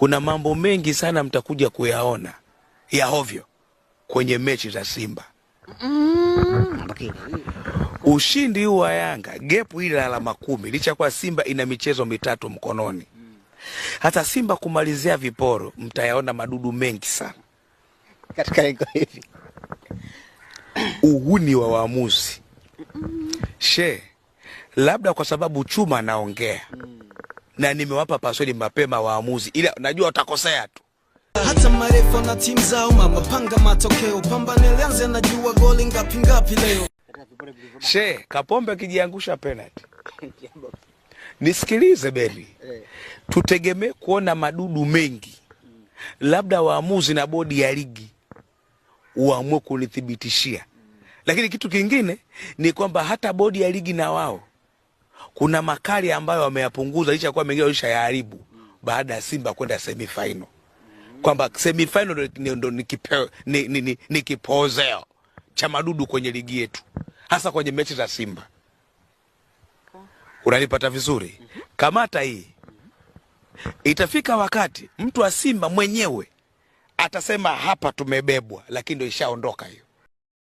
kuna mambo mengi sana mtakuja kuyaona ya hovyo kwenye mechi za Simba. Mm, ushindi huu wa Yanga, gepu hili la alama kumi, licha kuwa Simba ina michezo mitatu mkononi. Hata Simba kumalizia viporo, mtayaona madudu mengi sana katika lengo hivi uhuni wa waamuzi. Mm. She, labda kwa sababu Chuma anaongea mm na nimewapa paswali mapema waamuzi, ila najua watakosea tu. Hata marefa na timu zao mama, panga matokeo, pambane lianze, najua goli ngapi ngapi leo. She Kapombe akijiangusha penalty nisikilize Beli, tutegemee kuona madudu mengi, labda waamuzi na bodi ya ligi uamue kunithibitishia. Lakini kitu kingine ni kwamba hata bodi ya ligi na wao kuna makali ambayo wameyapunguza licha ya kuwa mengine yaharibu baada ya Simba kwenda semifaino, kwamba semifaino ndo ni kipozeo cha madudu kwenye ligi yetu, hasa kwenye mechi za Simba. Unanipata vizuri? Kamata hii, itafika wakati mtu wa Simba mwenyewe atasema hapa tumebebwa, lakini ndo ishaondoka hiyo.